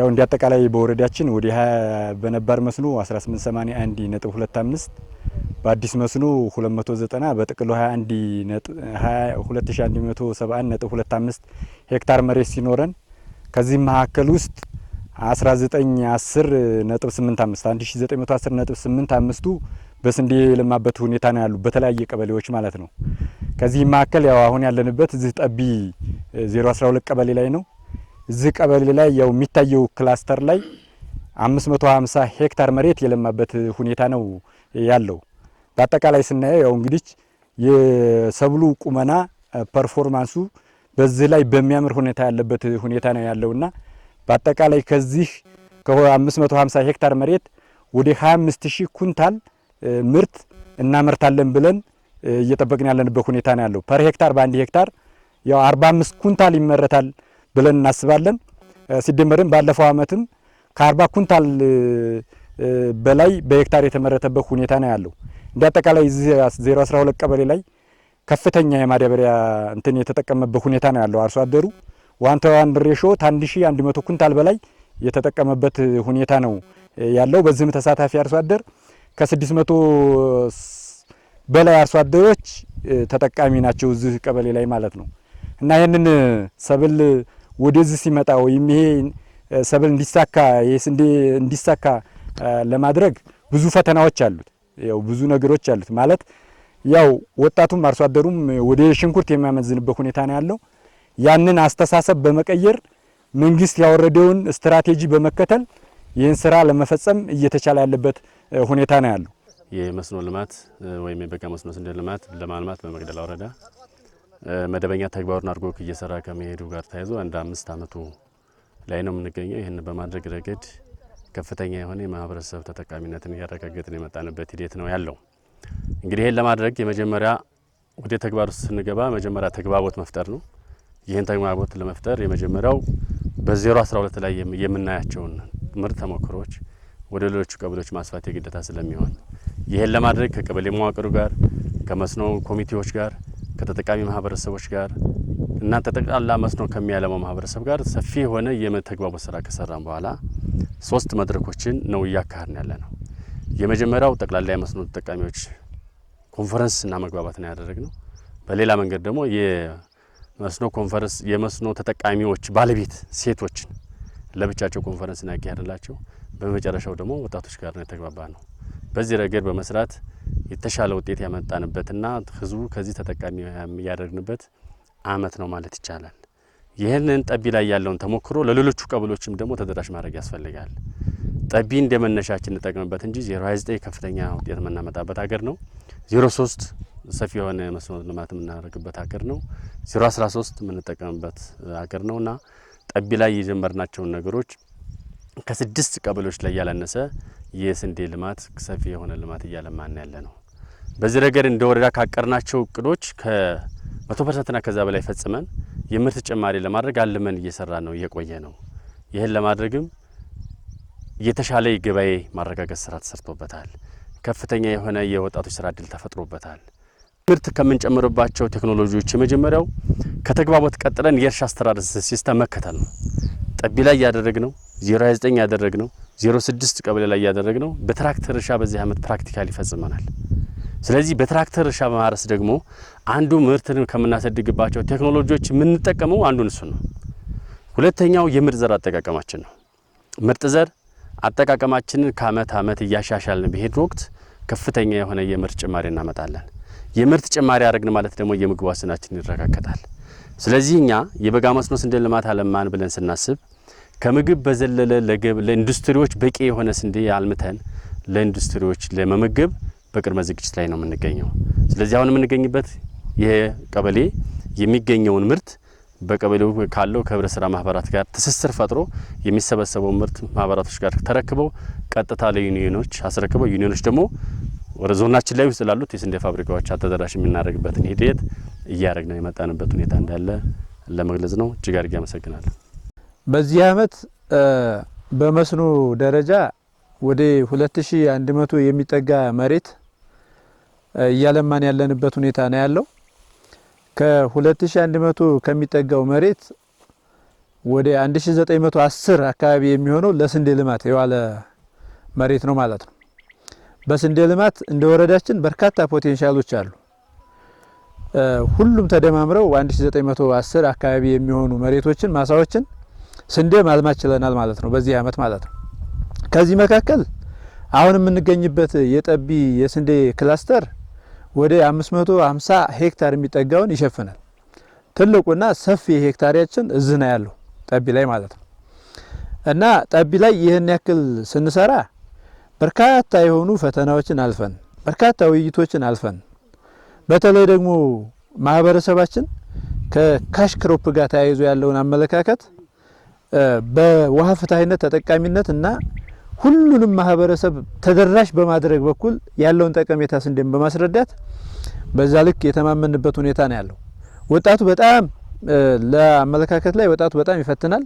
ያው እንደ አጠቃላይ በወረዳችን ወደ 20 በነባር መስኖ 1881.25 በአዲስ መስኖ 290 በጥቅሉ 2171 ሄክታር መሬት ሲኖረን ከዚህ መካከል ውስጥ 1910 191085 ቱ በስንዴ የለማበት ሁኔታ ነው ያሉ በተለያየ ቀበሌዎች ማለት ነው። ከዚህ መካከል ያው አሁን ያለንበት እዚህ ጠቢ 012 ቀበሌ ላይ ነው። እዚህ ቀበሌ ላይ ያው የሚታየው ክላስተር ላይ 550 ሄክታር መሬት የለማበት ሁኔታ ነው ያለው። በአጠቃላይ ስናየው ያው እንግዲህ የሰብሉ ቁመና ፐርፎርማንሱ በዚህ ላይ በሚያምር ሁኔታ ያለበት ሁኔታ ነው ያለውና በአጠቃላይ ከዚህ ከ550 ሄክታር መሬት ወደ 25000 ኩንታል ምርት እናመርታለን ብለን እየጠበቅን ያለንበት ሁኔታ ነው ያለው። ፐር ሄክታር በአንድ ሄክታር ያው 45 ኩንታል ይመረታል ብለን እናስባለን። ሲደመርም ባለፈው ዓመትም ከአርባ ኩንታል በላይ በሄክታር የተመረተበት ሁኔታ ነው ያለው። እንደ አጠቃላይ ዜሮ 012 ቀበሌ ላይ ከፍተኛ የማዳበሪያ እንትን የተጠቀመበት ሁኔታ ነው ያለው። አርሶ አደሩ ዋን ተዋን ሬሾ ከ1100 ኩንታል በላይ የተጠቀመበት ሁኔታ ነው ያለው። በዚህም ተሳታፊ አርሶ አደር ከ600 በላይ አርሶ አደሮች ተጠቃሚ ናቸው እዚህ ቀበሌ ላይ ማለት ነው እና ይህንን ሰብል ወደዚህ ሲመጣ ወይም ይሄ ሰብል እንዲሳካ ስንዴ እንዲሳካ ለማድረግ ብዙ ፈተናዎች አሉት። ያው ብዙ ነገሮች አሉት ማለት ያው ወጣቱም አርሶ አደሩም ወደ ሽንኩርት የሚያመዝንበት ሁኔታ ነው ያለው። ያንን አስተሳሰብ በመቀየር መንግስት ያወረደውን ስትራቴጂ በመከተል ይህን ስራ ለመፈጸም እየተቻለ ያለበት ሁኔታ ነው ያለው። የመስኖ ልማት ወይም የበጋ መስኖ ስንዴ ልማት ለማልማት በመቅደላ ወረዳ መደበኛ ተግባሩን አድርጎ እየሰራ ከመሄዱ ጋር ተያይዞ አንድ አምስት አመቱ ላይ ነው የምንገኘው። ይህን በማድረግ ረገድ ከፍተኛ የሆነ የማህበረሰብ ተጠቃሚነትን እያረጋገጥን የመጣንበት ሂደት ነው ያለው። እንግዲህ ይህን ለማድረግ የመጀመሪያ ወደ ተግባር ውስጥ ስንገባ መጀመሪያ ተግባቦት መፍጠር ነው። ይህን ተግባቦት ለመፍጠር የመጀመሪያው በዜሮ 12 ላይ የምናያቸውን ምርጥ ተሞክሮች ወደ ሌሎቹ ቀበሌዎች ማስፋት የግዴታ ስለሚሆን ይህን ለማድረግ ከቀበሌ መዋቅሩ ጋር ከመስኖ ኮሚቴዎች ጋር ከተጠቃሚ ማህበረሰቦች ጋር እና ተጠቅላላ መስኖ ከሚያለማው ማህበረሰብ ጋር ሰፊ የሆነ የመተግባቦት ስራ ከሰራን በኋላ ሶስት መድረኮችን ነው እያካሄድን ያለ ነው። የመጀመሪያው ጠቅላላ የመስኖ ተጠቃሚዎች ኮንፈረንስ እና መግባባትን ያደረግ ነው። በሌላ መንገድ ደግሞ የመስኖ ኮንፈረንስ የመስኖ ተጠቃሚዎች ባለቤት ሴቶችን ለብቻቸው ኮንፈረንስ እናካሄድላቸው። በመጨረሻው ደግሞ ወጣቶች ጋር ነው የተግባባ ነው። በዚህ ረገድ በመስራት የተሻለ ውጤት ያመጣንበትና ህዝቡ ከዚህ ተጠቃሚ ያደረግንበት አመት ነው ማለት ይቻላል። ይህንን ጠቢ ላይ ያለውን ተሞክሮ ለሌሎቹ ቀበሎችም ደግሞ ተደራሽ ማድረግ ያስፈልጋል። ጠቢ እንደ መነሻችን እንጠቅምበት እንጂ 029 ከፍተኛ ውጤት የምናመጣበት ሀገር ነው። 03 ሰፊ የሆነ መስኖ ልማት የምናደርግበት ሀገር ነው። 013 የምንጠቀምበት ሀገር እና ጠቢ ላይ የጀመርናቸውን ነገሮች ከስድስት ቀበሌዎች ላይ ያላነሰ የስንዴ ልማት ሰፊ የሆነ ልማት እያለማን ያለ ነው። በዚህ ረገድ እንደ ወረዳ ካቀርናቸው እቅዶች ከመቶ ፐርሰንትና ከዛ በላይ ፈጽመን የምርት ጭማሪ ለማድረግ አልመን እየሰራ ነው እየቆየ ነው። ይህን ለማድረግም የተሻለ የገበያ ማረጋገጥ ስራ ተሰርቶበታል። ከፍተኛ የሆነ የወጣቶች ስራ እድል ተፈጥሮበታል። ምርት ከምንጨምርባቸው ቴክኖሎጂዎች የመጀመሪያው ከተግባቦት ቀጥለን የእርሻ አስተራረስ ሲስተም መከተል ነው። ጠቢ ላይ እያደረግ ነው 09 ነው 06 ቀበሌ ላይ ያደረግነው በትራክተር እርሻ በዚህ አመት ፕራክቲካል ይፈጽመናል። ስለዚህ በትራክተር እርሻ በማረስ ደግሞ አንዱ ምርትን ከምናሰድግባቸው ቴክኖሎጂዎች የምንጠቀመው አንዱ እሱ ነው። ሁለተኛው የምርጥ ዘር አጠቃቀማችን ነው። ምርጥ ዘር አጠቃቀማችንን ከአመት አመት እያሻሻልን በሄድ ወቅት ከፍተኛ የሆነ የምርት ጭማሪ እናመጣለን። የምርት ጭማሪ አድረግን ማለት ደግሞ የምግብ ዋስትናችን ይረጋገጣል። ስለዚህ እኛ የበጋ መስኖ ስንዴ ልማት አለማን ብለን ስናስብ ከምግብ በዘለለ ለኢንዱስትሪዎች በቂ የሆነ ስንዴ አልምተን ለኢንዱስትሪዎች ለመመገብ በቅድመ ዝግጅት ላይ ነው የምንገኘው። ስለዚህ አሁን የምንገኝበት ይሄ ቀበሌ የሚገኘውን ምርት በቀበሌው ካለው ከህብረ ስራ ማህበራት ጋር ትስስር ፈጥሮ የሚሰበሰበው ምርት ማህበራቶች ጋር ተረክበው ቀጥታ ለዩኒዮኖች አስረክበው ዩኒዮኖች ደግሞ ወደ ዞናችን ላይ ውስጥ ላሉት የስንዴ ፋብሪካዎች ተደራሽ የምናደርግበትን ሂደት ነው የመጣንበት ሁኔታ እንዳለ ለመግለጽ ነው። እጅግ አድርጌ አመሰግናለሁ። በዚህ ዓመት በመስኖ ደረጃ ወደ 2100 የሚጠጋ መሬት እያለማን ያለንበት ሁኔታ ነው ያለው። ከ2100 ከሚጠጋው መሬት ወደ 1910 አካባቢ የሚሆነው ለስንዴ ልማት የዋለ መሬት ነው ማለት ነው። በስንዴ ልማት እንደ ወረዳችን በርካታ ፖቴንሻሎች አሉ። ሁሉም ተደማምረው 1910 አካባቢ የሚሆኑ መሬቶችን ማሳዎችን ስንዴ ማልማት ችለናል ማለት ነው፣ በዚህ አመት ማለት ነው። ከዚህ መካከል አሁን የምንገኝበት የጠቢ የስንዴ ክላስተር ወደ 550 ሄክታር የሚጠጋውን ይሸፍናል። ትልቁና ሰፊ ሄክታሪያችን እዚህ ነው ያለው ጠቢ ላይ ማለት ነው። እና ጠቢ ላይ ይህን ያክል ስንሰራ በርካታ የሆኑ ፈተናዎችን አልፈን በርካታ ውይይቶችን አልፈን በተለይ ደግሞ ማህበረሰባችን ከካሽ ክሮፕ ጋር ተያይዞ ያለውን አመለካከት በውሃ ፍትሐዊነት ተጠቃሚነት እና ሁሉንም ማህበረሰብ ተደራሽ በማድረግ በኩል ያለውን ጠቀሜታ ስንዴን በማስረዳት በዛ ልክ የተማመንበት ሁኔታ ነው ያለው። ወጣቱ በጣም ለአመለካከት ላይ ወጣቱ በጣም ይፈትናል።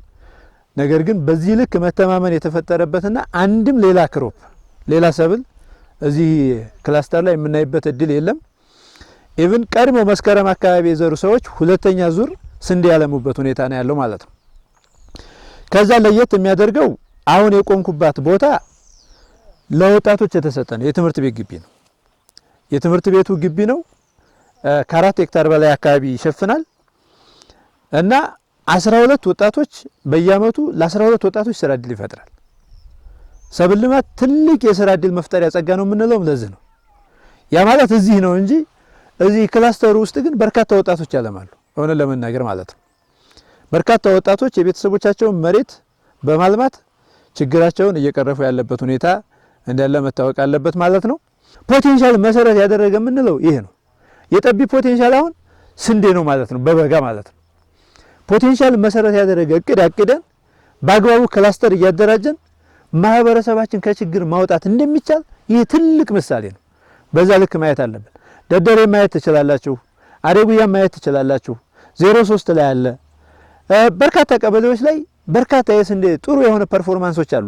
ነገር ግን በዚህ ልክ መተማመን የተፈጠረበትና አንድም ሌላ ክሮፕ ሌላ ሰብል እዚህ ክላስተር ላይ የምናይበት እድል የለም። ኢቭን ቀድሞ መስከረም አካባቢ የዘሩ ሰዎች ሁለተኛ ዙር ስንዴ ያለሙበት ሁኔታ ነው ያለው ማለት ነው። ከዛ ለየት የሚያደርገው አሁን የቆምኩባት ቦታ ለወጣቶች የተሰጠ ነው። የትምህርት ቤት ግቢ ነው። የትምህርት ቤቱ ግቢ ነው። ከአራት ሄክታር በላይ አካባቢ ይሸፍናል እና 12 ወጣቶች በየአመቱ ለ12 ወጣቶች ስራ እድል ይፈጥራል። ሰብል ልማት ትልቅ የስራ እድል መፍጠሪያ ጸጋ ነው የምንለውም ለዚህ ነው። ያ ማለት እዚህ ነው እንጂ እዚህ ክላስተሩ ውስጥ ግን በርካታ ወጣቶች ያለማሉ እውነት ለመናገር ማለት ነው። በርካታ ወጣቶች የቤተሰቦቻቸውን መሬት በማልማት ችግራቸውን እየቀረፉ ያለበት ሁኔታ እንዳለ መታወቅ አለበት ማለት ነው። ፖቴንሻል መሰረት ያደረገ የምንለው ይሄ ነው። የጠቢ ፖቴንሻል አሁን ስንዴ ነው ማለት ነው፣ በበጋ ማለት ነው። ፖቴንሻል መሰረት ያደረገ እቅድ አቅደን በአግባቡ ክላስተር እያደራጀን ማህበረሰባችን ከችግር ማውጣት እንደሚቻል ይህ ትልቅ ምሳሌ ነው። በዛ ልክ ማየት አለብን። ደደሬ ማየት ትችላላችሁ፣ አደጉያ ማየት ትችላላችሁ። ዜሮ ሶስት ላይ አለ በርካታ ቀበሌዎች ላይ በርካታ የስንዴ ጥሩ የሆነ ፐርፎርማንሶች አሉ።